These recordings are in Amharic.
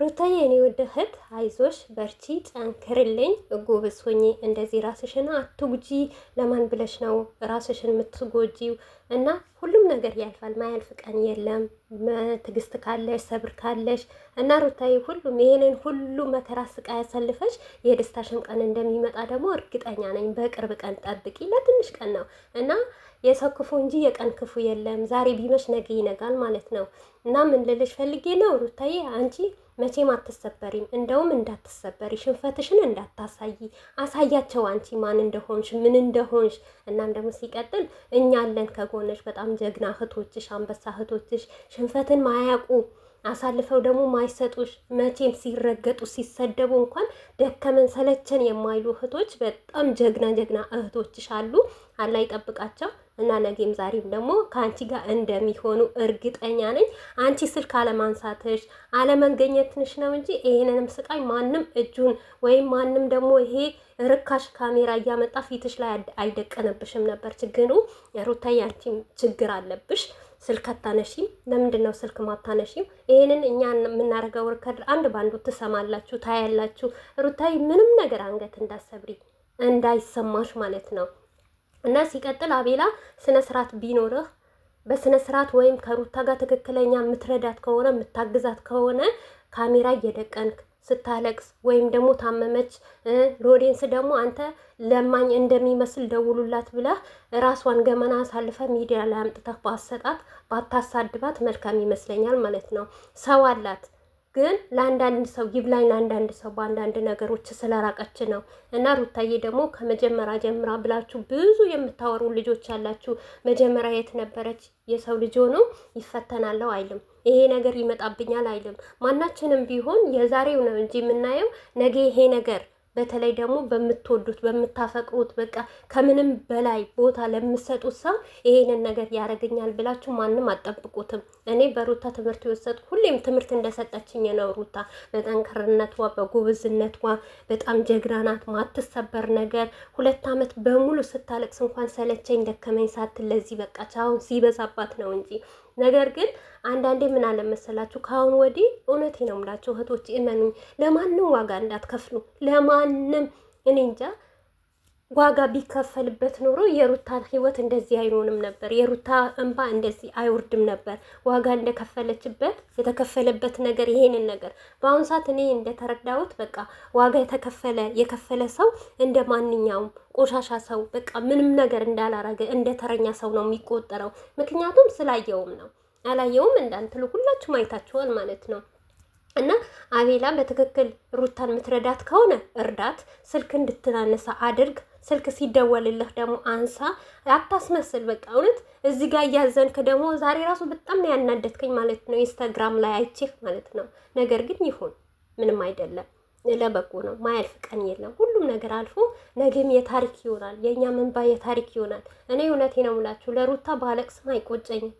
ሩታዬ የኔ ውድ እህት አይዞሽ፣ በርቺ፣ ጠንክርልኝ፣ ጎበዝ ሆኚ። እንደዚህ ራስሽን አትጉጂ። ለማን ብለሽ ነው ራስሽን የምትጎጂው? እና ሁሉም ነገር ያልፋል። ማያልፍ ቀን የለም። ትግስት ካለሽ፣ ሰብር ካለሽ እና ሩታዬ ሁሉም ይሄንን ሁሉ መከራ ስቃይ ያሳልፈሽ የደስታሽም ቀን እንደሚመጣ ደግሞ እርግጠኛ ነኝ። በቅርብ ቀን ጠብቂ። ለትንሽ ቀን ነው እና የሰው ክፉ እንጂ የቀን ክፉ የለም። ዛሬ ቢመሽ ነገ ይነጋል ማለት ነው። እና ምን ልልሽ ፈልጌ ነው ሩታዬ አንቺ መቼም አትሰበሪም። እንደውም እንዳትሰበሪ፣ ሽንፈትሽን እንዳታሳይ፣ አሳያቸው አንቺ ማን እንደሆንሽ ምን እንደሆንሽ። እናም ደግሞ ሲቀጥል እኛ አለን ከጎነሽ፣ በጣም ጀግና እህቶችሽ፣ አንበሳ እህቶችሽ ሽንፈትን ማያውቁ አሳልፈው ደግሞ ማይሰጡሽ መቼም ሲረገጡ ሲሰደቡ እንኳን ደከመን ሰለቸን የማይሉ እህቶች በጣም ጀግና ጀግና እህቶችሽ አሉ። አላህ ይጠብቃቸው። እና ነገም ዛሬም ደግሞ ከአንቺ ጋር እንደሚሆኑ እርግጠኛ ነኝ። አንቺ ስልክ አለማንሳትሽ አለመገኘትሽ ነው እንጂ ይህንንም ስቃይ ማንም እጁን ወይም ማንም ደግሞ ይሄ ርካሽ ካሜራ እያመጣ ፊትሽ ላይ አይደቀንብሽም ነበር። ችግሩ ሩታዬ አንቺ ችግር አለብሽ። ስልክ አታነሺም። ለምንድን ነው ስልክ ማታነሺም? ይህንን እኛ የምናደርገው ርከድ አንድ ባንዱ ትሰማላችሁ፣ ታያላችሁ። ሩታዬ ምንም ነገር አንገት እንዳሰብሪ እንዳይሰማሽ ማለት ነው። እና ሲቀጥል አቤላ ስነ ስርዓት ቢኖርህ በስነ ስርዓት ወይም ከሩታ ጋር ትክክለኛ የምትረዳት ከሆነ የምታግዛት ከሆነ ካሜራ እየደቀንክ ስታለቅስ ወይም ደግሞ ታመመች ሎዴንስ ደግሞ አንተ ለማኝ እንደሚመስል ደውሉላት ብለህ ራሷን ገመና አሳልፈ ሚዲያ ላይ አምጥተህ ባሰጣት ባታሳድባት መልካም ይመስለኛል ማለት ነው። ሰው አላት ግን ለአንዳንድ ሰው ይብላኝ ለአንዳንድ ሰው በአንዳንድ ነገሮች ስለራቀች ነው። እና ሩታዬ ደግሞ ከመጀመሪያ ጀምራ ብላችሁ ብዙ የምታወሩ ልጆች አላችሁ። መጀመሪያ የት ነበረች? የሰው ልጅ ሆኖ ይፈተናለሁ አይልም። ይሄ ነገር ይመጣብኛል አይልም። ማናችንም ቢሆን የዛሬው ነው እንጂ የምናየው ነገ ይሄ ነገር በተለይ ደግሞ በምትወዱት በምታፈቅሩት፣ በቃ ከምንም በላይ ቦታ ለምሰጡት ሰው ይሄንን ነገር ያደርገኛል ብላችሁ ማንም አጠብቁትም። እኔ በሩታ ትምህርት የወሰድኩ ሁሌም ትምህርት እንደሰጠችኝ ነው። ሩታ በጠንካርነቷ በጎበዝነቷ በጣም ጀግና ናት። ማትሰበር ነገር ሁለት ዓመት በሙሉ ስታለቅስ እንኳን ሰለቸኝ ደከመኝ ሳትል ለዚህ በቃች። አሁን ሲበዛባት ነው እንጂ ነገር ግን አንዳንዴ ምን አለመሰላችሁ ከአሁን ወዲህ እውነቴ ነው የምላችሁ እህቶች፣ እመኑኝ፣ ለማንም ዋጋ እንዳትከፍሉ። ለማንም እኔ እንጃ ዋጋ ቢከፈልበት ኖሮ የሩታ ህይወት እንደዚህ አይሆንም ነበር። የሩታ እንባ እንደዚህ አይወርድም ነበር። ዋጋ እንደከፈለችበት የተከፈለበት ነገር ይሄንን ነገር በአሁኑ ሰዓት እኔ እንደተረዳሁት በቃ ዋጋ የተከፈለ የከፈለ ሰው እንደ ማንኛውም ቆሻሻ ሰው በቃ ምንም ነገር እንዳላረገ እንደ ተረኛ ሰው ነው የሚቆጠረው። ምክንያቱም ስላየውም ነው አላየውም እንዳንትሉ ሁላችሁ አይታችኋል ማለት ነው። እና አቤላ በትክክል ሩታን የምትረዳት ከሆነ እርዳት፣ ስልክ እንድትናነሳ አድርግ። ስልክ ሲደወልልህ ደግሞ አንሳ፣ አታስመስል። በቃ እውነት እዚህ ጋር እያዘንክ ደግሞ ዛሬ ራሱ በጣም ነው ያናደድከኝ ማለት ነው፣ ኢንስታግራም ላይ አይቼህ ማለት ነው። ነገር ግን ይሁን ምንም አይደለም፣ ለበጎ ነው። ማያልፍ ቀን የለም። ሁሉም ነገር አልፎ ነገም የታሪክ ይሆናል፣ የእኛ መንባ የታሪክ ይሆናል። እኔ እውነቴ ነው የምላችሁ ለሩታ ባለቅስም አይቆጨኝም።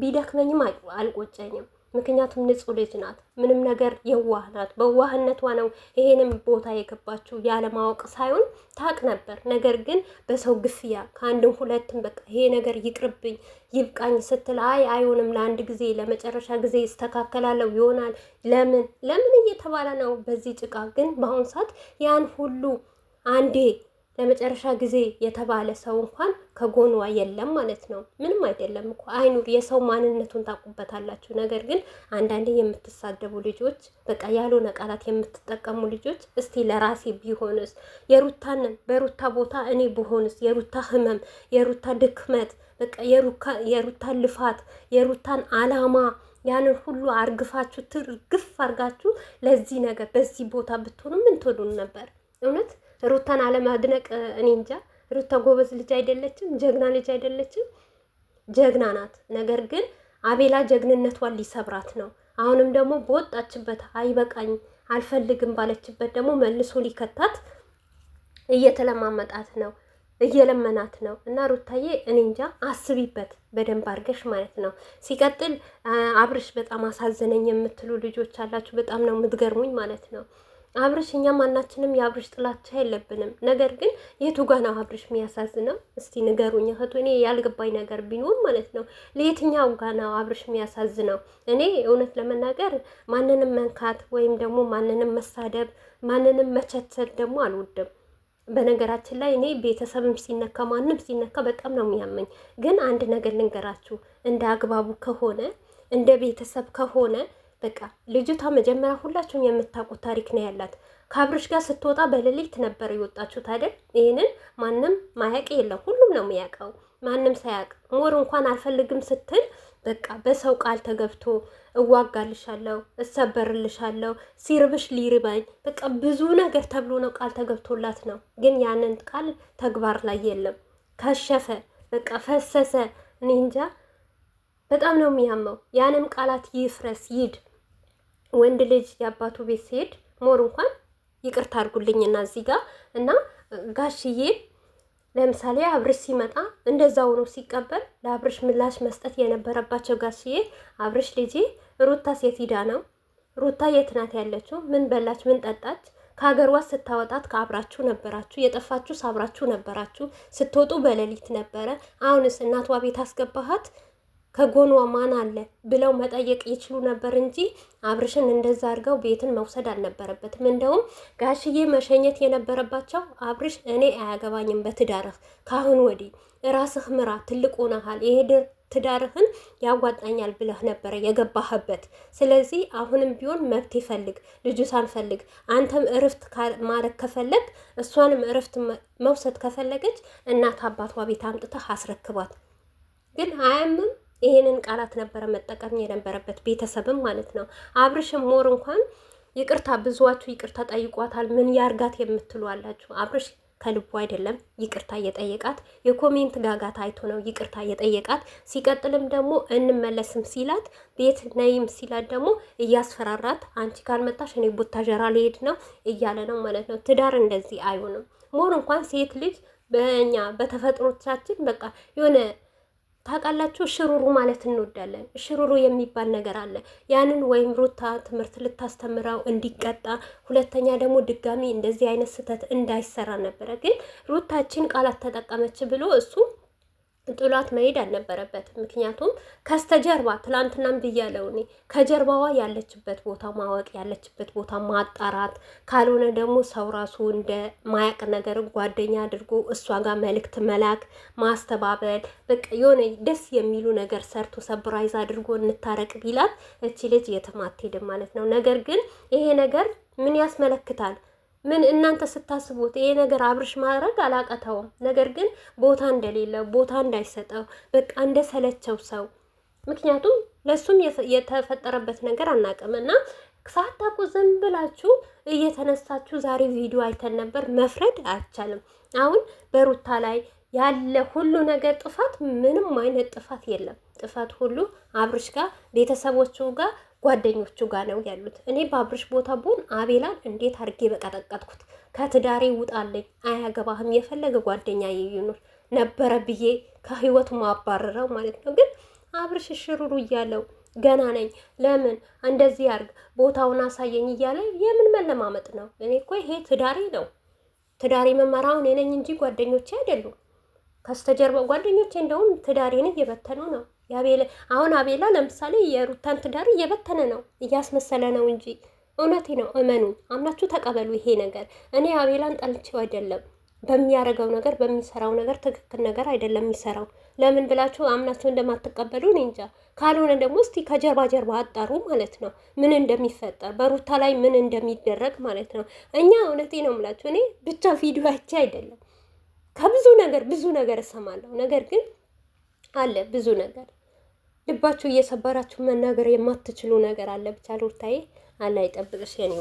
ቢደክመኝም አልቆጨኝም። ምክንያቱም ንጹህ ልጅ ናት። ምንም ነገር የዋህ ናት። በዋህነቷ ነው ይሄንም ቦታ የገባችው ያለማወቅ ሳይሆን ታቅ ነበር። ነገር ግን በሰው ግፍያ ከአንድም ሁለትም በቃ ይሄ ነገር ይቅርብኝ ይብቃኝ ስትል አይ አይሆንም፣ ለአንድ ጊዜ ለመጨረሻ ጊዜ ይስተካከላለሁ ይሆናል ለምን ለምን እየተባለ ነው በዚህ ጭቃ። ግን በአሁኑ ሰዓት ያን ሁሉ አንዴ ለመጨረሻ ጊዜ የተባለ ሰው እንኳን ከጎኗ የለም ማለት ነው። ምንም አይደለም እኮ አይኑር፣ የሰው ማንነቱን ታውቁበታላችሁ። ነገር ግን አንዳንዴ የምትሳደቡ ልጆች፣ በቃ ያልሆነ ቃላት የምትጠቀሙ ልጆች፣ እስቲ ለራሴ ቢሆንስ የሩታን በሩታ ቦታ እኔ ብሆንስ የሩታ ህመም፣ የሩታ ድክመት፣ በቃ የሩታን ልፋት፣ የሩታን አላማ ያንን ሁሉ አርግፋችሁ ትርግፍ አርጋችሁ ለዚህ ነገር በዚህ ቦታ ብትሆኑ ምን ትሉን ነበር እውነት? ሩታን አለማድነቅ እኔ እንጃ። ሩታ ጎበዝ ልጅ አይደለችም፣ ጀግና ልጅ አይደለችም፣ ጀግና ናት። ነገር ግን አቤላ ጀግንነቷን ሊሰብራት ነው። አሁንም ደግሞ በወጣችበት አይበቃኝ አልፈልግም ባለችበት ደግሞ መልሶ ሊከታት እየተለማመጣት ነው እየለመናት ነው። እና ሩታዬ እኔ እንጃ አስቢበት በደንብ አድርገሽ ማለት ነው። ሲቀጥል አብርሽ በጣም አሳዘነኝ የምትሉ ልጆች አላችሁ። በጣም ነው የምትገርሙኝ ማለት ነው። አብርሽ እኛ ማናችንም የአብርሽ ጥላቻ የለብንም። ነገር ግን የቱ ጋ ነው አብርሽ የሚያሳዝነው? እስቲ ንገሩኝ እህቱ። እኔ ያልገባኝ ነገር ቢኖር ማለት ነው ለየትኛው ጋ ነው አብርሽ የሚያሳዝነው? እኔ እውነት ለመናገር ማንንም መንካት ወይም ደግሞ ማንንም መሳደብ፣ ማንንም መቸቸል ደግሞ አልወድም። በነገራችን ላይ እኔ ቤተሰብም ሲነካ ማንም ሲነካ በጣም ነው የሚያመኝ። ግን አንድ ነገር ልንገራችሁ፣ እንደ አግባቡ ከሆነ እንደ ቤተሰብ ከሆነ በቃ ልጅቷ መጀመሪያ ሁላችሁም የምታውቁት ታሪክ ነው ያላት። ከአብርሽ ጋር ስትወጣ በሌሊት ነበር የወጣችሁት አይደል? ይህንን ማንም ማያቅ የለም፣ ሁሉም ነው የሚያውቀው። ማንም ሳያውቅ ሞር እንኳን አልፈልግም ስትል በቃ በሰው ቃል ተገብቶ እዋጋልሻለሁ፣ እሰበርልሻለሁ፣ ሲርብሽ ሊርበኝ፣ በቃ ብዙ ነገር ተብሎ ነው ቃል ተገብቶላት ነው። ግን ያንን ቃል ተግባር ላይ የለም። ከሸፈ፣ በቃ ፈሰሰ። እኔ እንጃ፣ በጣም ነው የሚያመው። ያንም ቃላት ይፍረስ ይድ ወንድ ልጅ የአባቱ ቤት ሲሄድ ሞር እንኳን ይቅርታ አድርጉልኝና እዚህ ጋር እና ጋሽዬ ለምሳሌ አብርሽ ሲመጣ እንደዛው ነው ሲቀበል ለአብርሽ ምላሽ መስጠት የነበረባቸው ጋሽዬ አብርሽ ልጄ ሩታ ሴት ሂዳ ነው ሩታ የት ናት ያለችው ምን በላች ምን ጠጣች ከሀገር ዋስ ስታወጣት ከአብራችሁ ነበራችሁ የጠፋችሁ ሳብራችሁ ነበራችሁ ስትወጡ በሌሊት ነበረ አሁንስ እናቷ ቤት አስገባሃት ከጎኗ ማን አለ ብለው መጠየቅ ይችሉ ነበር እንጂ አብርሽን እንደዛ አድርገው ቤትን መውሰድ አልነበረበትም። እንደውም ጋሽዬ መሸኘት የነበረባቸው አብርሽ እኔ አያገባኝም፣ በትዳርህ ካሁን ወዲህ እራስህ ምራ፣ ትልቁ ሆነሃል፣ ይሄድር ትዳርህን ያዋጣኛል ብለህ ነበረ የገባህበት። ስለዚህ አሁንም ቢሆን መብት ይፈልግ፣ ልጁ ሳንፈልግ አንተም እርፍት ማድረግ ከፈለግ እሷንም እርፍት መውሰድ ከፈለገች እናት አባቷ ቤት አምጥተህ አስረክቧት። ግን አያምም ይሄንን ቃላት ነበረ መጠቀም የነበረበት ቤተሰብም ማለት ነው። አብርሽም ሞር እንኳን ይቅርታ ብዙዋችሁ ይቅርታ ጠይቋታል። ምን ያርጋት የምትሉ አላችሁ። አብርሽ ከልቡ አይደለም ይቅርታ የጠየቃት፣ የኮሜንት ጋጋታ አይቶ ነው ይቅርታ የጠየቃት። ሲቀጥልም ደግሞ እንመለስም ሲላት ቤት ነይም ሲላት ደግሞ እያስፈራራት አንቺ ካልመጣሽ እኔ ቡታጀራ ልሄድ ነው እያለ ነው ማለት ነው። ትዳር እንደዚህ አይሆንም። ሞር እንኳን ሴት ልጅ በእኛ በተፈጥሮቻችን በቃ የሆነ ታውቃላችሁ፣ ሽሩሩ ማለት እንወዳለን። ሽሩሩ የሚባል ነገር አለ። ያንን ወይም ሩታ ትምህርት ልታስተምረው እንዲቀጣ፣ ሁለተኛ ደግሞ ድጋሚ እንደዚህ አይነት ስህተት እንዳይሰራ ነበረ። ግን ሩታችን ቃላት ተጠቀመች ብሎ እሱ ጥሏት መሄድ አልነበረበትም። ምክንያቱም ከስተጀርባ ትላንትናም ብያለው እኔ ከጀርባዋ ያለችበት ቦታ ማወቅ ያለችበት ቦታ ማጣራት፣ ካልሆነ ደግሞ ሰው ራሱ እንደ ማያቅ ነገር ጓደኛ አድርጎ እሷ ጋር መልእክት መላክ ማስተባበል፣ በቃ የሆነ ደስ የሚሉ ነገር ሰርቶ ሰብራይዝ አድርጎ እንታረቅ ቢላት እቺ ልጅ የትም አትሄድም ማለት ነው። ነገር ግን ይሄ ነገር ምን ያስመለክታል? ምን እናንተ ስታስቡት ይሄ ነገር አብርሽ ማድረግ አላቀተውም። ነገር ግን ቦታ እንደሌለው ቦታ እንዳይሰጠው በቃ እንደሰለቸው ሰው ምክንያቱም ለሱም የተፈጠረበት ነገር አናቅም እና ሳታቁ ዝም ብላችሁ እየተነሳችሁ ዛሬ ቪዲዮ አይተን ነበር። መፍረድ አይቻልም። አሁን በሩታ ላይ ያለ ሁሉ ነገር ጥፋት፣ ምንም አይነት ጥፋት የለም። ጥፋት ሁሉ አብርሽ ጋር ቤተሰቦቹ ጋር ጓደኞቹ ጋር ነው ያሉት። እኔ በአብርሽ ቦታ ብሆን አቤላን እንዴት አድርጌ በቀጠቀጥኩት። ከትዳሬ ውጣልኝ፣ አያገባህም፣ የፈለገ ጓደኛ ይኑር ነበረ ብዬ ከህይወቱ ማባረረው ማለት ነው። ግን አብርሽ ሽሩሩ እያለው ገና ነኝ፣ ለምን እንደዚህ አርግ፣ ቦታውን አሳየኝ እያለ የምን መለማመጥ ነው? እኔ እኮ ይሄ ትዳሬ ነው። ትዳሬ መመራውን እኔ ነኝ እንጂ ጓደኞቼ አይደሉም። ከስተጀርባ ጓደኞቼ እንደውም ትዳሬን እየበተኑ ነው። አሁን አቤላ ለምሳሌ የሩታን ትዳር እየበተነ ነው፣ እያስመሰለ ነው እንጂ እውነቴ ነው። እመኑ፣ አምናችሁ ተቀበሉ። ይሄ ነገር እኔ አቤላን ጠልቼው አይደለም በሚያደርገው ነገር በሚሰራው ነገር ትክክል ነገር አይደለም የሚሰራው። ለምን ብላችሁ አምናችሁ እንደማትቀበሉ እኔ እንጃ። ካልሆነ ደግሞ እስቲ ከጀርባ ጀርባ አጣሩ ማለት ነው፣ ምን እንደሚፈጠር በሩታ ላይ ምን እንደሚደረግ ማለት ነው። እኛ እውነቴ ነው የምላችሁ እኔ ብቻ ቪዲዮ አይቼ አይደለም፣ ከብዙ ነገር ብዙ ነገር እሰማለሁ። ነገር ግን አለ ብዙ ነገር ልባችሁ እየሰበራችሁ መናገር የማትችሉ ነገር አለ። ብቻ ሩታዬ አላ ይጠብቅሽ የኔ